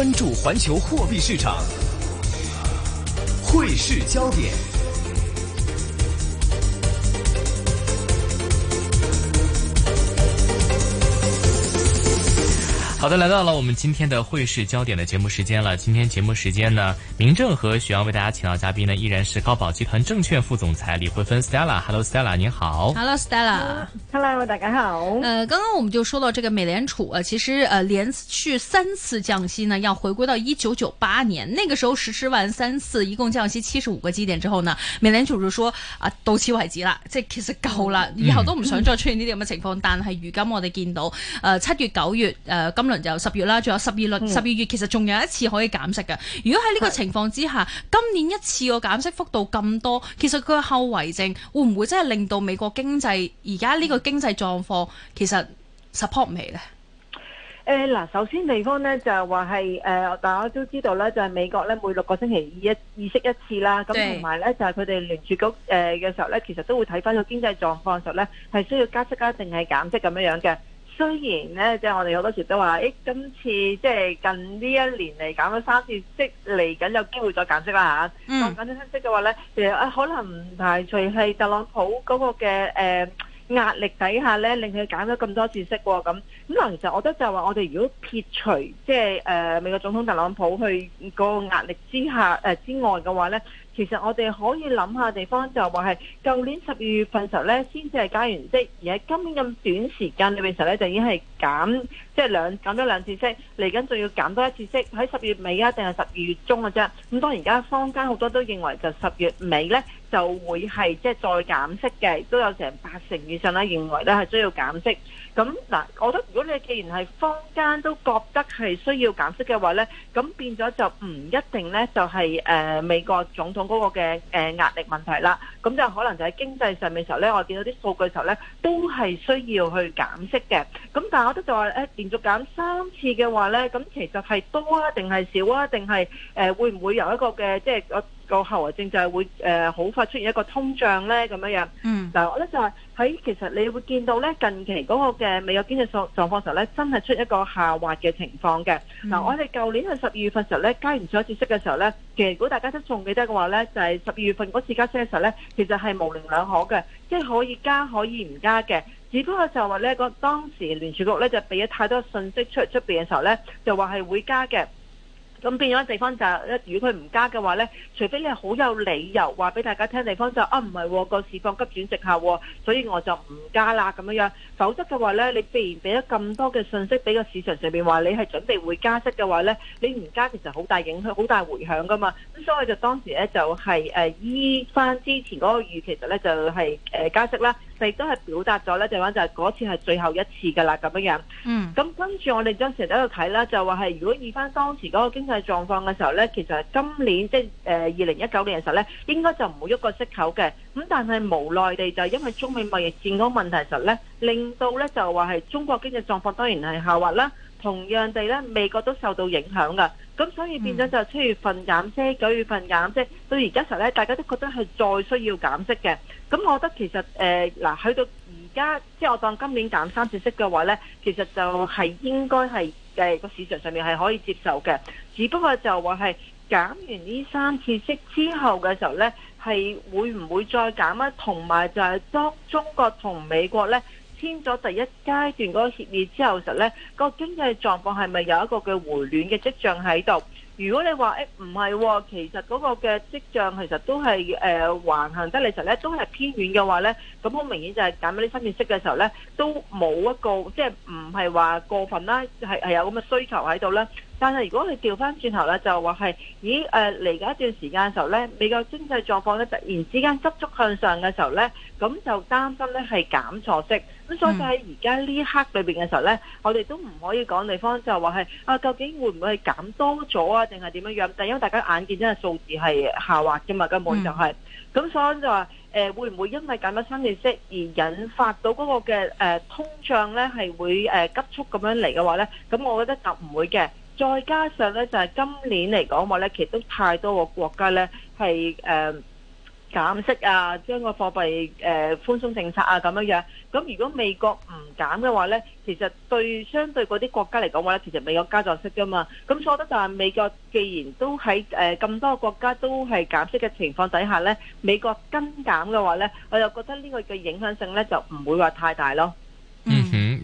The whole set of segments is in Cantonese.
關注環球貨幣市場，匯市焦點。好的，來到了我們今天的匯市焦點的節目時間了。今天節目時間呢，明正和徐陽為大家請到嘉賓呢，依然是高寶集團證券副總裁李慧芬 St （Stella）。Hello，Stella，你好。Hello，Stella。Hello，大家好。呃，剛剛我們就說到這個美聯儲啊，其實呃連續三次降息呢，要回歸到一九九八年那個時候實施完三次一共降息七十五個基點之後呢，美聯儲就說啊、呃，都期外基了，這其實夠了，以後、嗯、都唔想再出現呢啲咁嘅情況。嗯、但係如今我哋見到，呃，七月九月，呃。今輪就十月啦，仲有十二輪，十二月其實仲有一次可以減息嘅。如果喺呢個情況之下，今年一次個減息幅度咁多，其實佢嘅後遺症會唔會真係令到美國經濟而家呢個經濟狀況其實 support 唔起咧？誒，嗱，首先地方咧就係話係誒，大家都知道咧，就係美國咧每六個星期二一議息一次啦。咁同埋咧就係佢哋聯儲局誒嘅時候咧，其實都會睇翻個經濟狀況，嘅時候咧係需要加息加定係減息咁樣樣嘅。雖然咧，即係我哋好多時都話，誒、欸，今次即係近呢一年嚟減咗三次息，嚟緊有機會再減息啦嚇。當、嗯、減咗三次息嘅話咧，其實啊，可能唔排除係特朗普嗰個嘅誒、呃、壓力底下咧，令佢減咗咁多次息喎、哦。咁咁，其實我覺得就係話我哋如果撇除即係誒、呃、美國總統特朗普去嗰個壓力之下誒、呃、之外嘅話咧，其實我哋可以諗下地方，就話係舊年十二月份的時候呢，先至係加完息，而喺今年咁短時間裏邊時候呢，就已經係減，即係兩減咗兩次息，嚟緊仲要減多一次息，喺十月尾啊，定係十二月中嘅啫。咁當然而家坊間好多都認為就十月尾呢。就會係即係再減息嘅，都有成八成以上啦，認為咧係需要減息。咁嗱，我覺得如果你既然係坊間都覺得係需要減息嘅話咧，咁變咗就唔一定咧，就係、是、誒、呃、美國總統嗰個嘅誒、呃、壓力問題啦。咁就可能就喺經濟上面嘅時候咧，我見到啲數據嘅時候咧，都係需要去減息嘅。咁但係我覺得就話誒、欸、連續減三次嘅話咧，咁其實係多啊，定係少啊，定係誒會唔會有一個嘅即係？就是個後遺症就係會誒好、呃、快出現一個通脹咧咁樣樣。嗱、嗯，我咧就係、是、喺其實你會見到咧近期嗰個嘅美國經濟狀狀況時候咧，真係出一個下滑嘅情況嘅。嗱、嗯，我哋舊年喺十二月份時候咧，加完上一次息嘅時候咧，其實如果大家都仲記得嘅話咧，就係十二月份嗰次加息嘅時候咧，其實係模棱兩可嘅，即係可以加可以唔加嘅。只不過就話咧，個當時聯儲局咧就俾咗太多信息出出邊嘅時候咧，就話係會加嘅。咁變咗地方就一，如果佢唔加嘅話咧，除非你係好有理由話俾大家聽，地方就啊唔係個市況急轉直下喎、啊，所以我就唔加啦咁樣，否則嘅話咧，你既然俾咗咁多嘅信息俾個市場上面話你係準備會加息嘅話咧，你唔加其實好大影響、好大回響噶嘛。咁所以就當時咧就係誒依翻之前嗰個預期，其實咧就係誒加息啦。亦都係表達咗咧，就話就係嗰次係最後一次噶啦，咁樣樣，嗯，咁跟住我哋當時喺度睇啦，就話係如果以翻當時嗰個經濟狀況嘅時候咧，其實係今年即係誒二零一九年嘅時候咧，應該就唔會喐個息口嘅。咁但係無奈地就因為中美貿易戰嗰個問題實咧，令到咧就話係中國經濟狀況當然係下滑啦。同樣地咧，美國都受到影響噶，咁所以變咗就七月份減息、九月份減息，到而家時候咧，大家都覺得係再需要減息嘅。咁我覺得其實誒嗱，去、呃、到而家，即係我當今年減三次息嘅話咧，其實就係應該係誒個市場上面係可以接受嘅。只不過就話係減完呢三次息之後嘅時候咧，係會唔會再減啊？同埋就係當中國同美國咧。簽咗第一階段嗰個協議之後，實咧，嗰個經濟狀況係咪有一個嘅回暖嘅跡象喺度？如果你話誒唔係，其實嗰個嘅跡象其實都係誒，呃、橫行得嚟，實咧都係偏遠嘅話咧，咁好明顯就係減咗啲分變息嘅時候咧，都冇一個即係唔係話過分啦，係係有咁嘅需求喺度呢。但係如果你調翻轉頭咧，就話係咦誒嚟緊一段時間嘅時候咧，美國經濟狀況咧突然之間急速向上嘅時候咧，咁就擔心咧係減錯息。咁所以就喺而家呢刻裏面嘅時候咧，我哋都唔可以講地方就話係啊，究竟會唔會係減多咗啊，定係點樣樣？但因為大家眼見真係數字係下滑嘅嘛，根本就係、是、咁，嗯、所以就話誒、呃、會唔會因為減咗新嘅息而引發到嗰個嘅誒、呃、通脹咧係會誒、呃、急速咁樣嚟嘅話咧，咁我覺得就唔會嘅。再加上咧，就係、是、今年嚟講話咧，其實都太多個國家咧係誒減息啊，將個貨幣誒、呃、寬鬆政策啊咁樣樣。咁如果美國唔減嘅話咧，其實對相對嗰啲國家嚟講話咧，其實美國加咗息噶嘛。咁所以我覺得就係美國既然都喺誒咁多個國家都係減息嘅情況底下咧，美國跟減嘅話咧，我又覺得呢個嘅影響性咧就唔會話太大咯。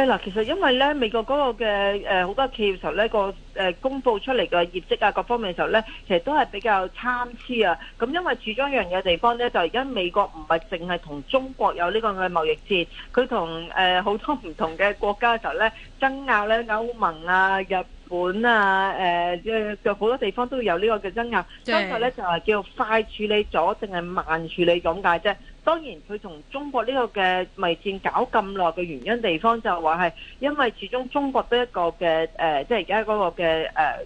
嗱，其實因為咧美國嗰個嘅好多企業時候咧，個誒公佈出嚟嘅業績啊、各方面嘅時候咧，其實都係比較參差啊。咁因為始終一樣嘅地方咧，就而家美國唔係淨係同中國有呢個嘅貿易戰，佢同誒好多唔同嘅國家嘅時候咧爭拗咧，歐盟啊、日本啊、誒、呃、好多地方都有呢個嘅爭拗。之後咧就係叫快處理咗定係慢處理咁解啫。當然，佢同中國呢個嘅迷戰搞咁耐嘅原因的地方，就係話係因為始終中國都一個嘅誒，即係而家嗰個嘅誒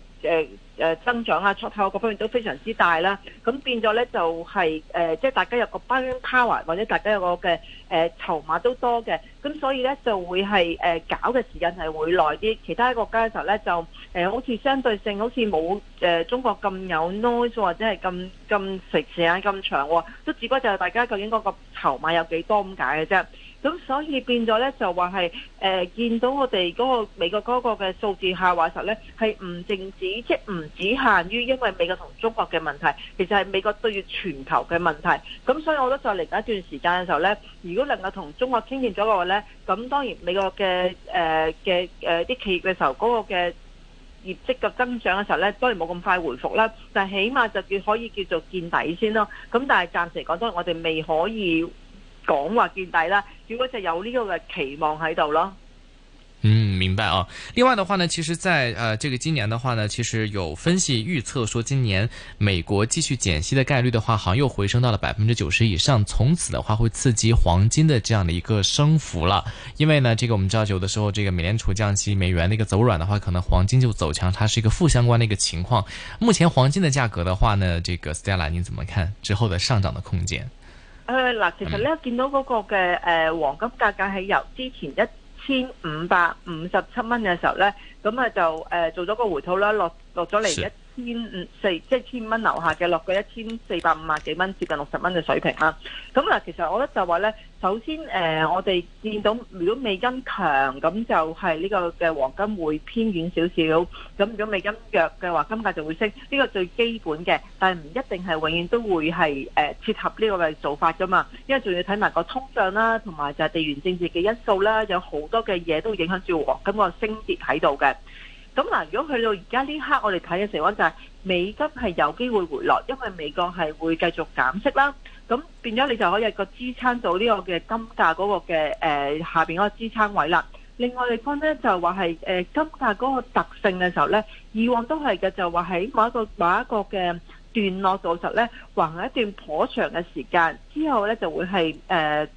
即誒增長啊、出口各方面都非常之大啦，咁變咗呢，就係、是、誒，即、呃、係、就是、大家有個 buying power，或者大家有個嘅誒、呃、籌碼都多嘅，咁所以呢，就會係誒、呃、搞嘅時間係會耐啲，其他一個國家嘅時候呢，就誒、呃、好似相對性好似冇誒中國咁有 noise 或者係咁咁食時間咁長，哦，都只不過就係大家究竟嗰個籌碼有幾多咁解嘅啫。那個咁所以變咗呢，就話係誒見到我哋嗰個美國嗰個嘅數字下滑時候呢，係唔淨止，即係唔只限於因為美國同中國嘅問題，其實係美國對於全球嘅問題。咁所以我覺得就嚟緊一段時間嘅時候呢，如果能夠同中國傾掂咗嘅話呢，咁當然美國嘅誒嘅誒啲企業嘅時候嗰個嘅業績嘅增長嘅時候呢，當然冇咁快回復啦。但係起碼就叫可以叫做見底先咯。咁但係暫時講當然我哋未可以。講話見底啦，如果就有呢個嘅期望喺度咯。嗯，明白啊。另外的話呢，其實在，在呃這個今年的話呢，其實有分析預測說，今年美國繼續減息的概率的話，好像又回升到了百分之九十以上。從此的話，會刺激黃金的這樣的一個升幅啦。因為呢，這個我們知道，有的時候，這個美聯儲降息，美元的一個走軟的話，可能黃金就走強，它是一個負相關的一個情況。目前黃金的價格的話呢，這個 Stella，你怎麼看之後的上漲的空間？誒嗱，嗯、其實咧見到嗰個嘅誒、呃、黃金價格係由之前一千五百五十七蚊嘅時候咧，咁啊就誒、呃、做咗個回吐啦，落落咗嚟一千五四即係千蚊樓下嘅，落個一千四百五廿幾蚊，接近六十蚊嘅水平啦。咁嗱，其實我覺得就話咧，首先誒、呃，我哋見到如果美金強，咁就係呢個嘅黃金會偏軟少少。咁如果美金弱嘅話，金價就會升。呢、這個最基本嘅，但係唔一定係永遠都會係誒切合呢個嘅做法噶嘛。因為仲要睇埋個通脹啦，同埋就係地緣政治嘅因素啦，有好多嘅嘢都影響住黃金個升跌喺度嘅。咁嗱，如果去到而家呢刻，我哋睇嘅情況就係美金係有機會回落，因為美國係會繼續減息啦。咁變咗你就可以一個支撐到呢個嘅金價嗰個嘅誒下面嗰個支撐位啦。另外嚟講咧，就話係金價嗰個特性嘅時候咧，以往都係嘅，就話喺某一個某一個嘅段落度實咧，橫一段頗長嘅時間之後咧，就會係誒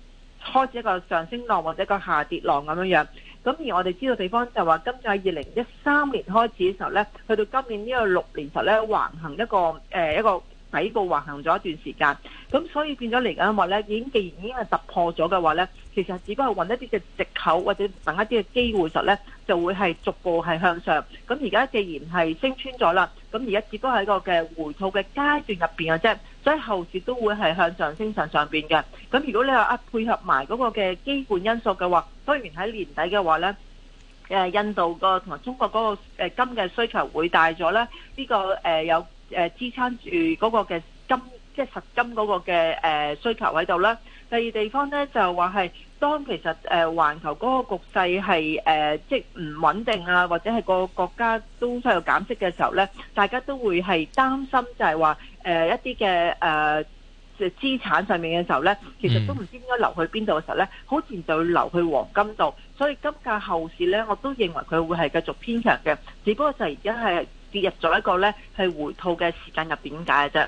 開始一個上升浪或者一個下跌浪咁樣樣。咁而我哋知道地方就話，今次喺二零一三年開始嘅時候咧，去到今年，個6年呢個六年實咧橫行一個誒一個底部橫行咗一段時間，咁所以變咗嚟緊話咧，已經既然已經係突破咗嘅話咧，其實只不過搵一啲嘅藉口或者等一啲嘅機會實咧，就會係逐步係向上。咁而家既然係升穿咗啦。咁而家亦都喺一個嘅回吐嘅階段入邊嘅啫，所以後續都會係向上升上升上邊嘅。咁如果你話啊，配合埋嗰個嘅基本因素嘅話，雖然喺年底嘅話咧，印度個同埋中國嗰個金嘅需求會大咗咧，呢個有支撐住嗰個嘅。即係實金嗰個嘅誒、呃、需求喺度咧。第二地方咧，就話係當其實誒環、呃、球嗰個局勢係誒、呃、即係唔穩定啊，或者係個國家都需要減息嘅時候咧，大家都會係擔心就係話，就係話誒一啲嘅誒即係資產上面嘅時候咧，其實都唔知應該留去邊度嘅時候咧，好似就會留去黃金度。所以金價後市咧，我都認為佢會係繼續偏強嘅，只不過就而家係跌入咗一個咧係回吐嘅時間入邊，點解嘅啫？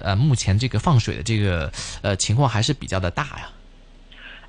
誒、呃，目前這個放水的這個，誒、呃、情況還是比較的大呀、啊。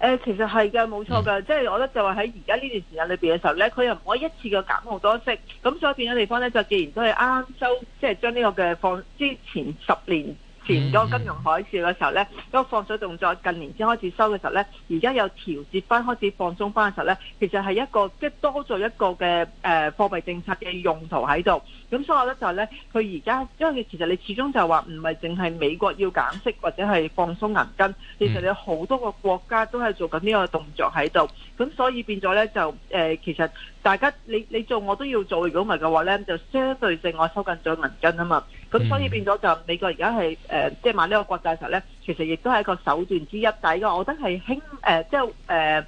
誒、呃，其實係嘅，冇錯嘅，嗯、即係我覺得就話喺而家呢段時間裏邊嘅時候呢，佢又唔可以一次嘅減好多息，咁所以變咗地方呢，就既然都係啱收，即係將呢個嘅放之前十年。前個金融海嘯嘅時候咧，個放水動作近年先開始收嘅時候咧，而家有調節翻開始放鬆翻嘅時候咧，其實係一個即多咗一個嘅誒、呃、貨幣政策嘅用途喺度。咁所以我覺得就係咧，佢而家因為其實你始終就係話唔係淨係美國要減息或者係放鬆銀根，其實你好多個國家都係做緊呢個動作喺度。咁所以變咗咧就、呃、其實大家你你做我都要做，如果唔係嘅話咧，就相對性我收緊咗銀根啊嘛。咁 所以變咗就美國而家係誒，即係買呢個國債嘅時候咧，其實亦都係一個手段之一，但係我覺得係輕誒，即係誒，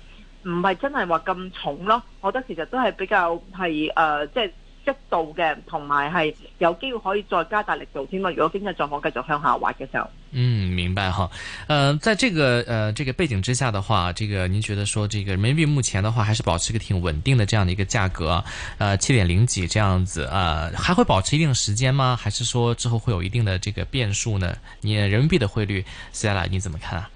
唔係真係話咁重咯。我覺得其實都係比較係誒，即係，即係。一度嘅，同埋係有機會可以再加大力度添咯。如果經濟狀況繼續向下滑嘅時候，嗯，明白哈。嗯、呃，在這個呃這個背景之下的話，這個您覺得說這個人民幣目前的話還是保持一個挺穩定的這樣的一個價格，呃，七點零幾這樣子，呃，還會保持一定時間嗎？還是說之後會有一定的這個變數呢？你人民幣的匯率，Cilla，你怎麼看啊？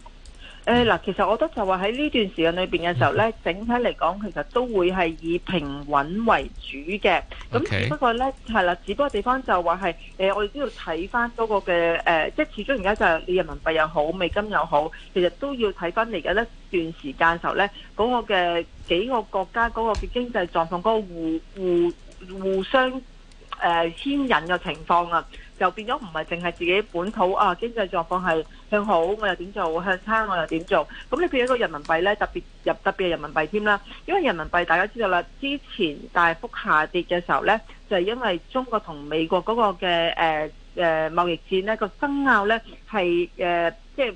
誒嗱，其實我覺得就話喺呢段時間裏邊嘅時候咧，整體嚟講其實都會係以平穩為主嘅。咁 Okay. 只不過咧，係啦，只不過地方就話係誒，我哋都要睇翻嗰個嘅誒，即係始終而家就係你人民幣又好，美金又好，其實都要睇翻嚟緊呢段時間時候咧，嗰個嘅幾個國家嗰個嘅經濟狀況，嗰個互互互相誒牽引嘅情況啊。就變咗唔係淨係自己本土啊，經濟狀況係向好，我又點做？向差，我又點做？咁你變咗個人民幣呢特別入特別係人民幣添啦，因為人民幣大家知道啦，之前大幅下跌嘅時候呢，就係、是、因為中國同美國嗰個嘅誒誒貿易戰呢個爭拗呢，係即係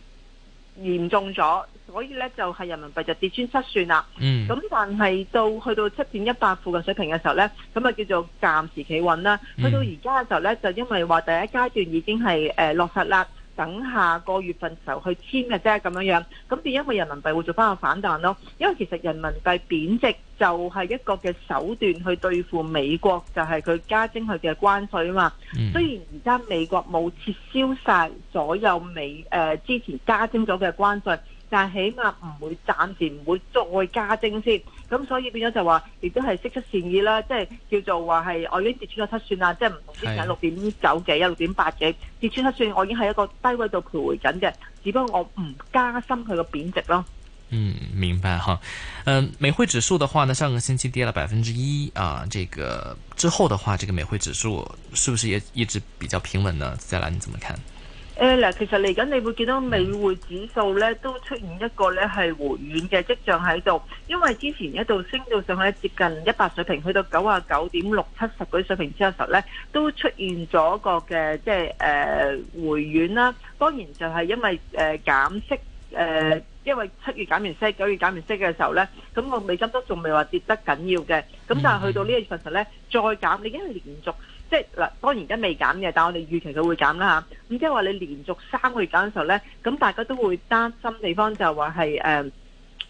嚴重咗。所以咧就係人民幣就跌穿七算啦。咁、嗯、但係到去到七點一八附近水平嘅時候咧，咁啊叫做暫時企穩啦。去、嗯、到而家嘅時候咧，就因為話第一階段已經係落實啦，等下個月份時候去簽嘅啫咁樣樣。咁變因為人民幣會做翻個反彈咯，因為其實人民幣貶值就係一個嘅手段去對付美國，就係、是、佢加徵佢嘅關稅啊嘛。嗯、雖然而家美國冇撤銷晒所有美誒之前加徵咗嘅關稅。但係起碼唔會暫時唔會再加徵先，咁所以變咗就話，亦都係釋出善意啦，即係叫做話係我已經跌穿咗七算啦，即係唔同之前六點九幾、有六點八幾跌穿七算，我已經係一個低位度徘徊緊嘅，只不過我唔加深佢個貶值咯。嗯，明白哈。嗯、呃，美匯指數嘅話呢，上個星期跌了百分之一啊，這個之後嘅話，呢、這個美匯指數是不是也一直比較平穩呢？蔡生，你怎麼看？誒嗱，其實嚟緊你會見到美匯指數咧，都出現一個咧係回軟嘅跡象喺度，因為之前一度升到上去接近一百水平，去到九啊九點六七十嗰水平之後嘅時候咧，都出現咗個嘅即係誒回軟啦。當然就係因為誒、呃、減息，誒、呃、因為七月減完息，九月減完息嘅時候咧，咁個美金都仲未話跌得緊要嘅。咁但係去到呢個月份咧，再減，已經係連續。即係嗱，當然而家未減嘅，但係我哋預期佢會減啦吓。咁即係話你連續三個月減嘅時候咧，咁大家都會擔心地方就話話係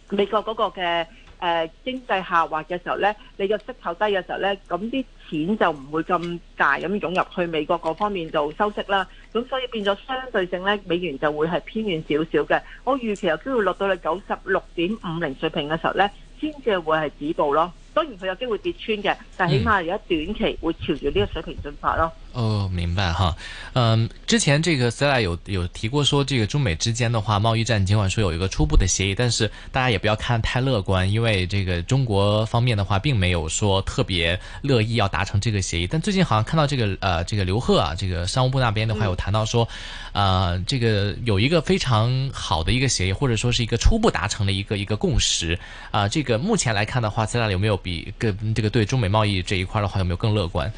美國嗰個嘅誒、呃、經濟下滑嘅時候咧，你個息口低嘅時候咧，咁啲錢就唔會咁大咁湧入去美國嗰方面就收息啦。咁所以變咗相對性咧，美元就會係偏軟少少嘅。我預期又都會落到去九十六點五零水平嘅時候咧，先至會係止步咯。當然佢有機會跌穿的，但係起碼而家短期會朝住呢個水平進發咯、嗯。哦，明白哈。嗯，之前這個 Sir 有，有提過，說這個中美之間的話，貿易戰儘管說有一個初步的協議，但是大家也不要看太樂觀，因為這個中國方面的話，並沒有說特別樂意要達成這個協議。但最近好像看到這個，呃，這個劉鶴啊，這個商務部那邊的話，有談到說，啊、嗯呃，這個有一個非常好的一個協議，或者說是一個初步達成的一個一個共識。啊、呃，這個目前來看的話，Sir 有沒有？比更這個對中美貿易這一塊的話，有沒有更樂觀？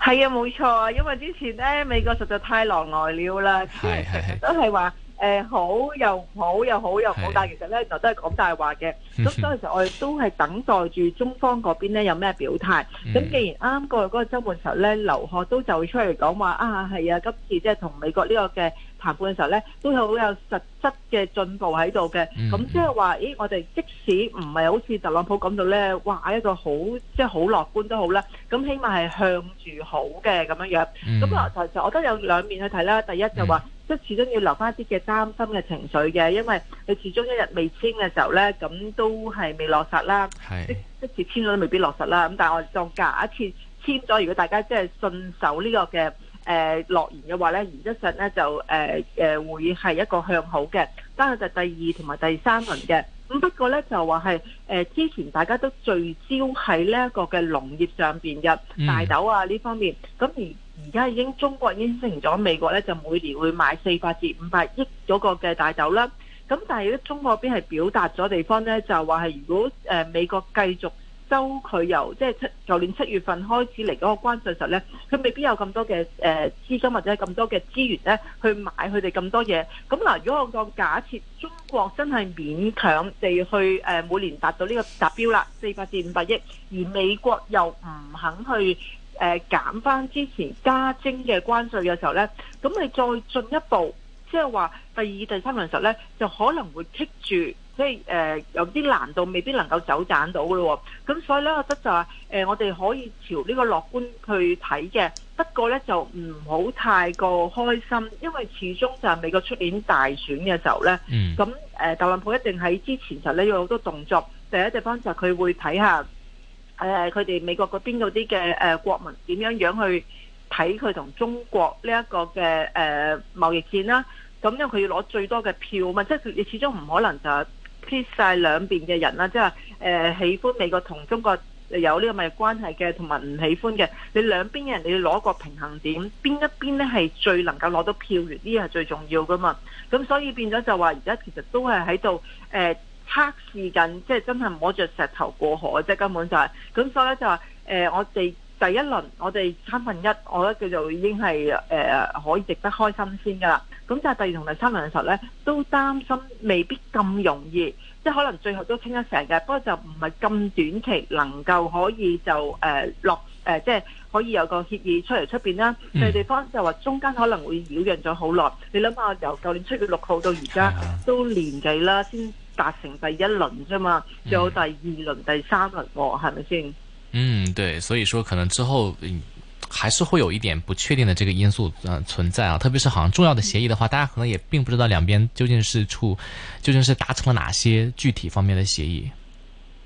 係啊，冇錯啊，因為之前咧美國實在太狼來了啦，係係，都係話誒好又好又好又好，但係其實咧就都係講大話嘅。咁所以其實我哋都係等待住中方嗰邊咧有咩表態。咁既然啱啱過去嗰個周末時候咧，劉鶴都就出嚟講話啊，係啊，今次即係同美國呢個嘅。行官嘅時候咧，都好有，有實質嘅進步喺度嘅。咁即係話，咦，我哋即使唔係好似特朗普咁到咧，話一個好即係好樂觀都好啦。咁起碼係向住好嘅咁樣樣。咁啊、嗯，其實我覺得有兩面去睇啦。第一就話，即係、嗯、始終要留翻一啲嘅擔心嘅情緒嘅，因為你始終一日未簽嘅時候咧，咁都係未落實啦。即即使簽咗都未必落實啦。咁但係我再隔一次簽咗，如果大家即係信守呢個嘅。誒落、呃、言嘅話咧，而一陣咧就誒誒、呃呃、會係一個向好嘅，加上就第二同埋第三輪嘅。咁不過咧就話係誒之前大家都聚焦喺呢一個嘅農業上面嘅大豆啊呢方面，咁而而家已經中國已經承咗美國咧就每年會買四百至五百億嗰個嘅大豆啦。咁但係咧中國嗰邊係表達咗地方咧，就話係如果、呃、美國繼續。收佢由即係七，舊年七月份開始嚟嗰個關稅時候呢，佢未必有咁多嘅誒資金或者咁多嘅資源呢去買佢哋咁多嘢。咁嗱，如果我講假設中國真係勉強地去每年達到呢個達標啦，四百至五百億，而美國又唔肯去誒減翻之前加徵嘅關稅嘅時候呢，咁你再進一步，即係話第二第三輪時候呢，就可能會棘住。即係誒有啲難度，未必能夠走賺到咯喎、哦。咁所以咧，我覺得就係、是呃、我哋可以朝呢個樂觀去睇嘅。不過咧，就唔好太過開心，因為始終就係美國出年大選嘅時候咧。咁誒、嗯呃，特朗普一定喺之前就咧有好多動作。第一地方就係佢會睇下誒佢哋美國嗰邊度啲嘅國民點樣樣去睇佢同中國呢一個嘅誒、呃、貿易戰啦、啊。咁因為佢要攞最多嘅票嘛，即係佢始終唔可能就係。撇晒兩邊嘅人啦，即係誒喜歡美國同中國有呢個密切關係嘅，同埋唔喜歡嘅，你兩邊嘅人你要攞個平衡點，邊一邊咧係最能夠攞到票源？呢樣係最重要噶嘛。咁所以變咗就話，而家其實都係喺度誒測試緊，即係真係摸着石頭過河，即係根本就係。咁所以呢就話誒，我哋。第一輪我哋三分一，我覺得佢就已經係誒、呃、可以值得開心先㗎啦。咁但係第二同第三輪嘅時候咧，都擔心未必咁容易，即係可能最後都傾得成嘅。不過就唔係咁短期能夠可以就誒、呃、落誒、呃，即係可以有個協議出嚟出面啦。有、嗯、地方就話中間可能會擾攘咗好耐。你諗下，由舊年七月六號到而家都年幾啦，先達成第一輪啫嘛，仲有第二輪、第三輪喎、哦，係咪先？嗯，對，所以說可能之後還是會有一點不確定的這個因素，存在啊，特別是好像重要的協議的話，嗯、大家可能也並不知道兩邊究竟是處，嗯、究竟是達成了哪些具體方面的協議。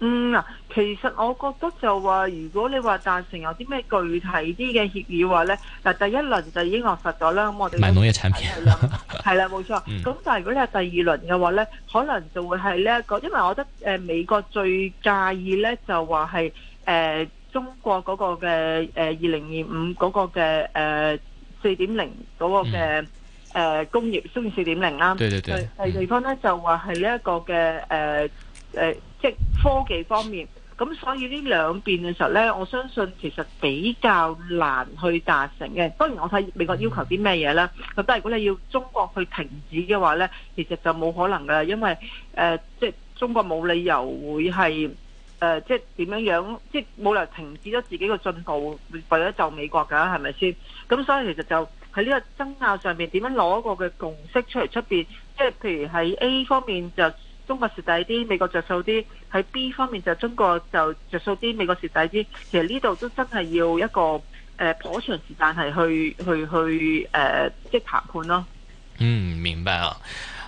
嗯，其實我覺得就話，如果你話達成有啲咩具體啲嘅協議話呢，嗱第一輪就已經落實咗啦，咁我哋買農業產品係啦，冇 錯。咁、嗯、但係如果你係第二輪嘅話呢，可能就會係呢一個，因為我覺得誒美國最介意呢就話係。誒、呃，中國嗰個嘅誒，二零二五嗰個嘅誒，四點零嗰個嘅誒、嗯呃，工業商業四點零啦。0, 對對對，第二地方咧、嗯、就話係呢一個嘅誒誒，即係科技方面。咁所以呢兩邊嘅時候咧，我相信其實比較難去達成嘅。當然我睇美國要求啲咩嘢啦。咁、嗯、但係如果你要中國去停止嘅話咧，其實就冇可能噶，因為誒、呃，即係中國冇理由會係。誒、呃，即係點樣樣，即係冇理由停止咗自己嘅進步，為咗就美國噶，係咪先？咁所以其實就喺呢個爭拗上面點樣攞一個嘅共識出嚟出邊？即係譬如喺 A 方面就中國蝕底啲，美國着數啲；喺 B 方面就中國就着數啲，美國蝕底啲。其實呢度都真係要一個誒，頗、呃、長時間係去去去誒、呃，即係談判咯。嗯，明白啊。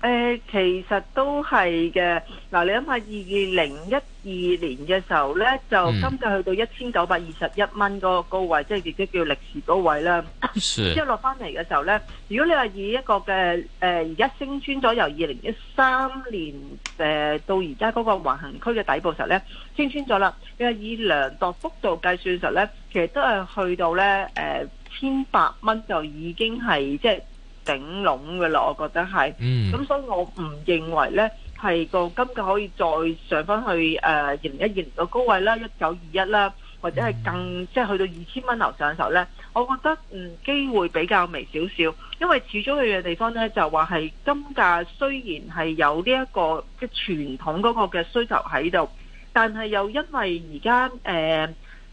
誒、呃，其實都係嘅。嗱、呃，你諗下二二零一二年嘅時候呢，就今次去到一千九百二十一蚊個高位，嗯、即係亦都叫歷史高位啦。即係落翻嚟嘅時候呢，如果你話以一個嘅誒而家升穿咗由二零一三年誒、呃、到而家嗰個橫行區嘅底部時候咧，升穿咗啦。你話以量度幅度計算時呢，其實都係去到呢誒千八蚊就已經係即係。頂籠嘅啦，我覺得係，咁所以我唔認為咧係個金價可以再上翻去誒二零一一嘅高位啦，一九二一啦，或者係更即係去到二千蚊樓上嘅時候咧，我覺得嗯機會比較微少少，因為始終佢嘅地方咧就話係金價雖然係有呢一個嘅傳統嗰個嘅需求喺度，但係又因為而家誒。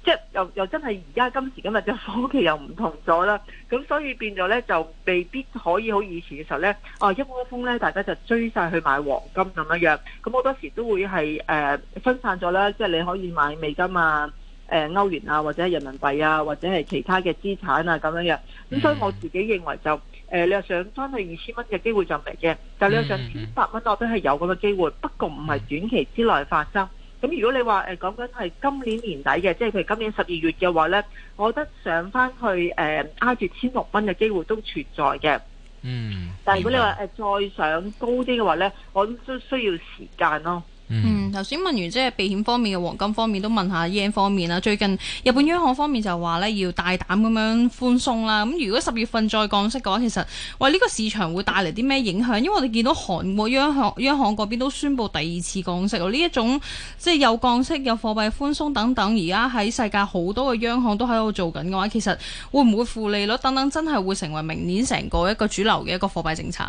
即係又又真係而家今時今日嘅科技又唔同咗啦，咁所以變咗呢，就未必可以好以前嘅時候呢。哦、啊、一窩蜂呢，大家就追晒去買黃金咁樣樣，咁好多時都會係、呃、分散咗啦，即係你可以買美金啊、誒、呃、歐元啊或者人民幣啊或者係其他嘅資產啊咁樣樣。咁所以我自己認為就、呃、你又想返去二千蚊嘅機會就唔嚟嘅，但你又想千八蚊我都係有嗰個機會，不過唔係短期之內發生。咁如果你話誒講緊係今年年底嘅，即係佢今年十二月嘅話呢，我覺得上翻去誒挨住千六蚊嘅機會都存在嘅。嗯，但係如果你話誒、嗯、再上高啲嘅話呢，我諗都需要時間咯。嗯，頭先問完即係避險方面嘅黃金方面一，都問下 yen 方面啦。最近日本央行方面就話呢，要大膽咁樣寬鬆啦。咁如果十月份再降息嘅話，其實話呢、呢個市場會帶嚟啲咩影響？因為我哋見到韓國央行、央行嗰邊都宣布第二次降息喎。呢一種即係有降息、有貨幣寬鬆等等，而家喺世界好多嘅央行都喺度做緊嘅話，其實會唔會負利率等等，真係會成為明年成個一個主流嘅一個貨幣政策？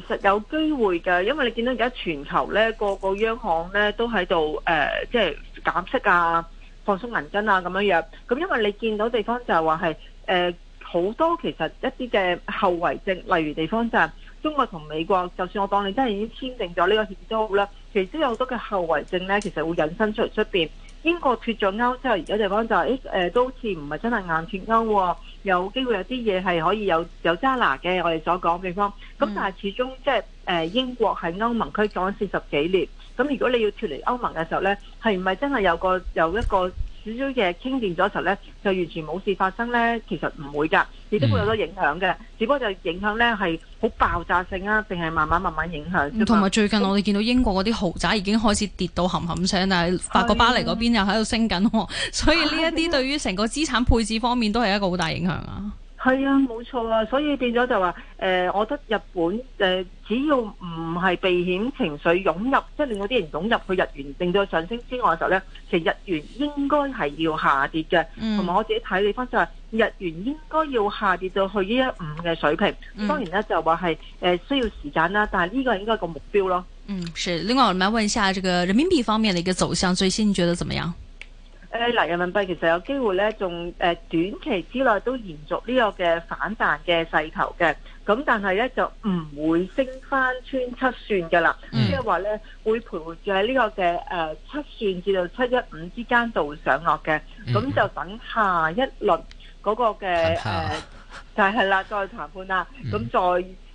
其實有機會嘅，因為你見到而家全球呢個個央行呢都喺度誒，即、呃、係、就是、減息啊、放鬆銀根啊咁樣樣。咁、嗯、因為你見到地方就係話係誒好多其實一啲嘅後遺症，例如地方就係中國同美國，就算我當你真係已經簽訂咗呢個協議都好啦，其實都有好多嘅後遺症呢，其實會引申出嚟出邊。英國脱咗歐之後，而家地方就係誒、欸呃、都好似唔係真係硬脱歐喎。有機會有啲嘢係可以有有揸拿嘅，我哋所講嘅地方，咁但係始終即係誒英國喺歐盟區當咗四十幾年，咁如果你要脱離歐盟嘅時候咧，係唔係真係有個有一個？少少嘢傾掂咗時候咧，就完全冇事發生咧。其實唔會㗎，亦都會有多影響嘅，嗯、只不過就影響咧係好爆炸性啊，定係慢慢慢慢影響。同埋最近我哋見到英國嗰啲豪宅已經開始跌到冚冚聲，但係法國巴黎嗰邊又喺度升緊，是啊、 所以呢一啲對於成個資產配置方面都係一個好大影響啊。係啊，冇錯啊，所以變咗就話誒、呃，我覺得日本誒、呃，只要唔係避險情緒湧入，即、就、係、是、令到啲人湧入去日元令到上升之外嘅時候咧，其實日元應該係要下跌嘅，同埋我自己睇你地就係日元應該要下跌到去呢一五嘅水平。當然咧、嗯、就話係需要時間啦，但係呢個應該係個目標咯。嗯，是。另外，我哋問一下這個人民幣方面嘅一個走向，最新你覺得怎麼樣？誒嗱，人民幣其實有機會咧，仲誒短期之內都延續個呢個嘅反彈嘅勢頭嘅，咁但係咧就唔會升返穿七算㗎喇，嗯、即係話咧會徘徊住喺呢個嘅誒七算至到七一五之間度上落嘅，咁、嗯、就等下一輪嗰個嘅誒下、呃、就係、是、啦，再談判喇，咁、嗯、再。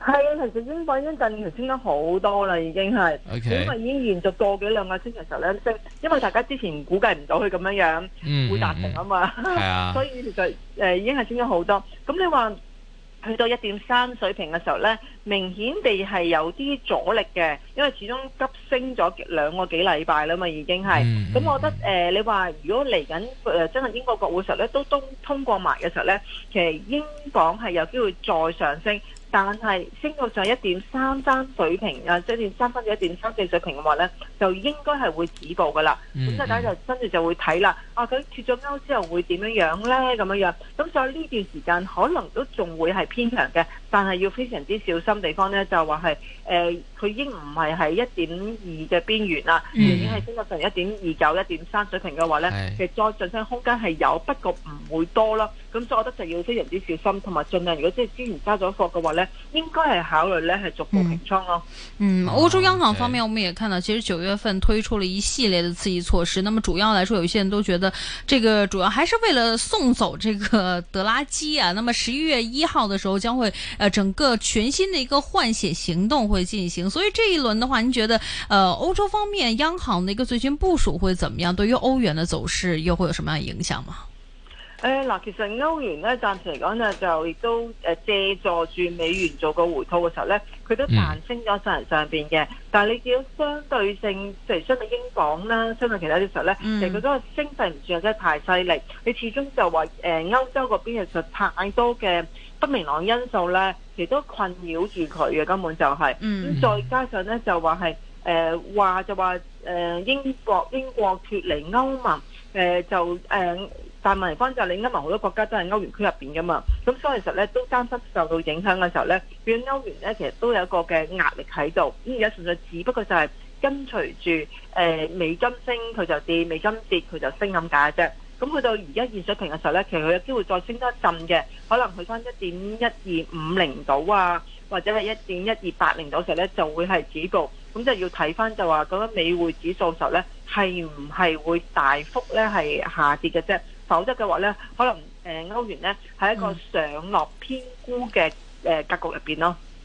係啊，其實英國已經放咗一陣，其實升得好多啦，已經係。O K。因為已經延續過幾兩個星期時候咧，其實咧升，因為大家之前估計唔到佢咁樣樣會達成啊嘛，所以其實誒已經係升咗好多。咁你話去到一點三水平嘅時候咧，明顯地係有啲阻力嘅，因為始終急升咗兩個幾禮拜啦嘛，已經係。咁我覺得誒、呃，你話如果嚟緊誒真係英國國會時候咧，都通通過埋嘅時候咧，其實英鎊係有機會再上升。但係升到上一點三三水平啊，即係點三三至一點三四水平嘅話咧，就應該係會止步噶啦。咁、mm hmm. 所以大家就跟住就會睇啦。啊，佢脫咗歐之後會點樣呢樣咧？咁樣樣。咁所以呢段時間可能都仲會係偏強嘅。但係要非常之小心，地方呢，就話係誒，佢、呃、已經唔係係一點二嘅邊緣啦，已經係升到成一點二九、一點三水平嘅話呢，嗯、其實再進升空間係有，不過唔會多啦。咁、嗯、所以我覺得就要非常之小心，同埋儘量如果即係之前加咗貨嘅話呢，應該係考慮呢係逐步平倉咯。嗯，歐洲央行方面，我們也看到，其實九月份推出了一系列的刺激措施。那麼主要來說，有些人都覺得，這個主要還是為了送走這個德拉基啊。那麼十一月一號嘅時候將會。整個全新的一個換血行動會進行，所以這一輪的話，你覺得，誒、呃，歐洲方面央行的一個最新部署會怎麼樣？對於歐元的走勢又會有什麼樣影響嗎？誒嗱、呃，其實歐元呢，暫時嚟講呢，就亦都誒借助住美元做個回吐嘅時候呢，佢都彈升咗上上邊嘅。嗯、但係你見到相對性，譬如相對英鎊啦，相對其他啲時候呢，嗯、其實嗰個升勢唔算得太犀利。你始終就話，誒、呃，歐洲嗰邊其實太多嘅不明朗因素咧，其實都困擾住佢嘅，根本就係、是。咁、嗯、再加上咧，就話係誒話就話誒、呃、英國英國脫離歐盟，誒、呃、就誒但問題方就係你歐盟好多國家都係歐元區入面噶嘛，咁所以其實咧都擔心受到影響嘅時候咧，變歐元咧其實都有一個嘅壓力喺度。咁而家純粹只不過就係跟隨住誒、呃、美金升，佢就跌；美金跌，佢就升咁解啫。咁去到而家現水平嘅時候咧，其實佢有機會再升得一陣嘅，可能去翻一點一二五零度啊，或者係一點一二八零度嘅時候咧，就會係止步。咁就要睇翻就話，咁樣美匯指數時候咧係唔係會大幅咧係下跌嘅啫，否則嘅話咧，可能誒、呃、歐元咧係一個上落偏估嘅誒格局入邊咯。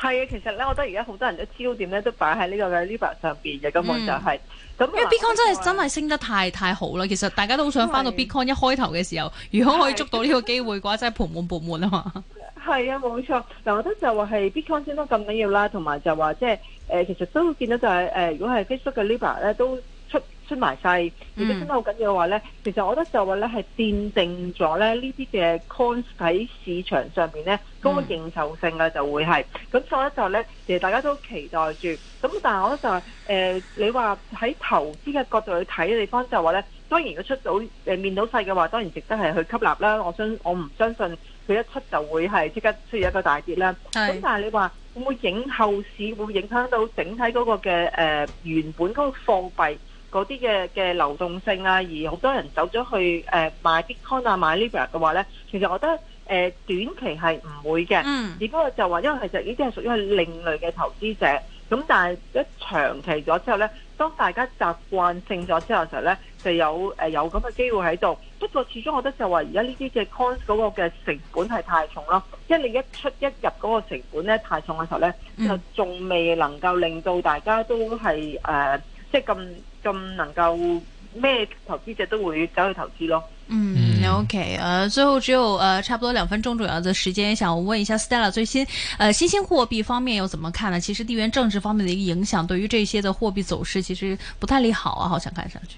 係啊，其實咧，我覺得而家好多人都焦點咧都擺喺呢個嘅 Libra 上邊嘅根本就係、是，咁因為 Bitcoin 真係真係升得太太好啦。其實大家都好想翻到 Bitcoin 一開頭嘅時候，的如果可以捉到呢個機會嘅話，的真係盆滿缽滿啊嘛。係啊，冇錯。嗱，我覺得就話係 Bitcoin 升得咁緊要啦，同埋就話即係誒，其實都見到就係、是、誒、呃，如果係 Facebook 嘅 Libra 咧都。出出埋勢，如果真係好緊要嘅話咧，嗯、其實我覺得就話咧係奠定咗咧呢啲嘅 c o n s 喺市場上面呢，咧、嗰個認受性嘅就會係，咁、嗯、所以咧就呢咧，其實大家都期待住，咁但係我覺得就係、是呃、你話喺投資嘅角度去睇嘅地方就話咧，當然如果出到面到世嘅話，當然值得係去吸納啦。我相我唔相信佢一出就會係即刻出現一個大跌啦。咁是但係你話會唔會影後市，會，會影響到整體嗰個嘅誒、呃、原本嗰個貨幣？嗰啲嘅嘅流動性啊，而好多人走咗去誒、呃、買 Bitcoin 啊，買 Libra 嘅話咧，其實我覺得誒、呃、短期係唔會嘅，嗯、只不過就話因為其實呢啲係屬於係另類嘅投資者，咁但係一長期咗之後咧，當大家習慣性咗之後嘅時候咧，就有、呃、有咁嘅機會喺度。不過始終我覺得就話而家呢啲嘅 coins 嗰個嘅成本係太重咯，一、即係、你一出一入嗰個成本咧太重嘅時候咧，嗯、就仲未能夠令到大家都係誒。呃即係咁咁能夠咩投資者都會走去投資咯。嗯，OK，呃，最後只有呃，差不多兩分鐘左右的時間，想問一下 Stella 最新呃，新興貨幣方面又怎麼看呢？其實地緣政治方面的一個影響，對於這些的貨幣走勢其實不太利好啊，好像看上去。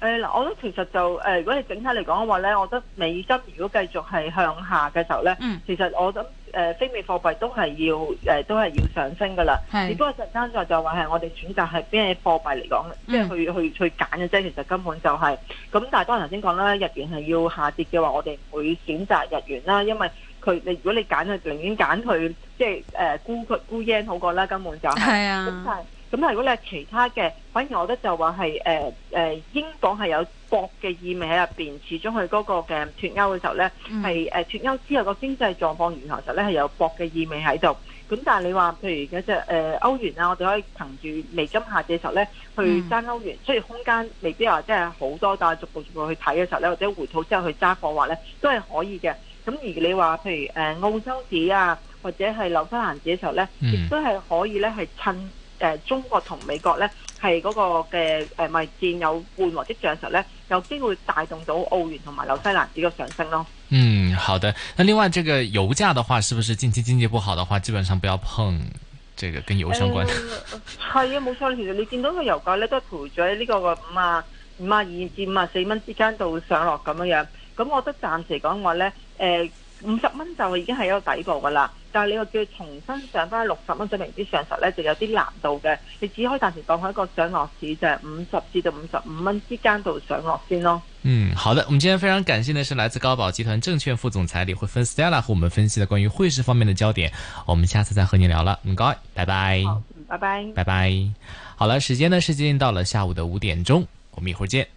誒嗱、哎，我覺得其實就誒、呃，如果你整體嚟講嘅話咧，我覺得美金如果繼續係向下嘅時候咧，嗯、其實我諗誒、呃、非美貨幣都係要誒、呃、都係要上升噶啦。是只不過實質上就就話係我哋選擇係邊係貨幣嚟講，嗯、即係去去去揀嘅啫。其實根本就係、是、咁。但係當頭先講啦，日元係要下跌嘅話，我哋唔會選擇日元啦，因為佢你如果你揀佢，寧願揀佢即係誒沽佢沽 yen 好過啦。根本就係、是。啊。咁，如果你係其他嘅，反而我覺得就話係誒誒，英鎊係有搏嘅意味喺入邊。始終佢嗰個嘅脫歐嘅時候咧，係誒、嗯呃、脫歐之後個經濟狀況如何嘅時候咧，係有搏嘅意味喺度。咁但係你話，譬如嗰隻誒歐元啊，我哋可以憑住美金下跌時候咧去揸歐元，雖然、嗯、空間未必話真係好多，但係逐步逐步去睇嘅時候咧，或者回吐之後去揸貨幣咧，都係可以嘅。咁而你話，譬如誒、呃、澳洲紙啊，或者係紐西蘭紙嘅時候咧，亦、嗯、都係可以咧，係趁。誒、呃、中國同美國咧係嗰個嘅誒，咪、呃、見有緩和的跡象嘅時候咧，有機會帶動到澳元同埋紐西蘭紙嘅上升咯。嗯，好的。那另外，這個油價的話，是不是近期經濟不好的話，基本上不要碰這個跟油相關係？係啊、呃，冇錯。其實你見到個油價咧，都係徘徊在呢個五啊五啊二至五啊四蚊之間度上落咁樣樣。咁我覺得暫時講話咧，誒五十蚊就已經係一個底部噶啦。但係你又叫重新上翻六十蚊水平之上實咧，就有啲難度嘅。你只可以暫時當喺一個上落市，就係五十至到五十五蚊之間度上落先咯。嗯，好的，我們今天非常感謝呢，是來自高寶集團證券副總裁李慧芬 Stella 和我們分析的關於匯市方面的焦點。我們下次再和你聊啦，唔該，拜拜。拜拜，拜拜。拜拜。好了，時間呢是接近到了下午的五點鐘，我們一會兒見。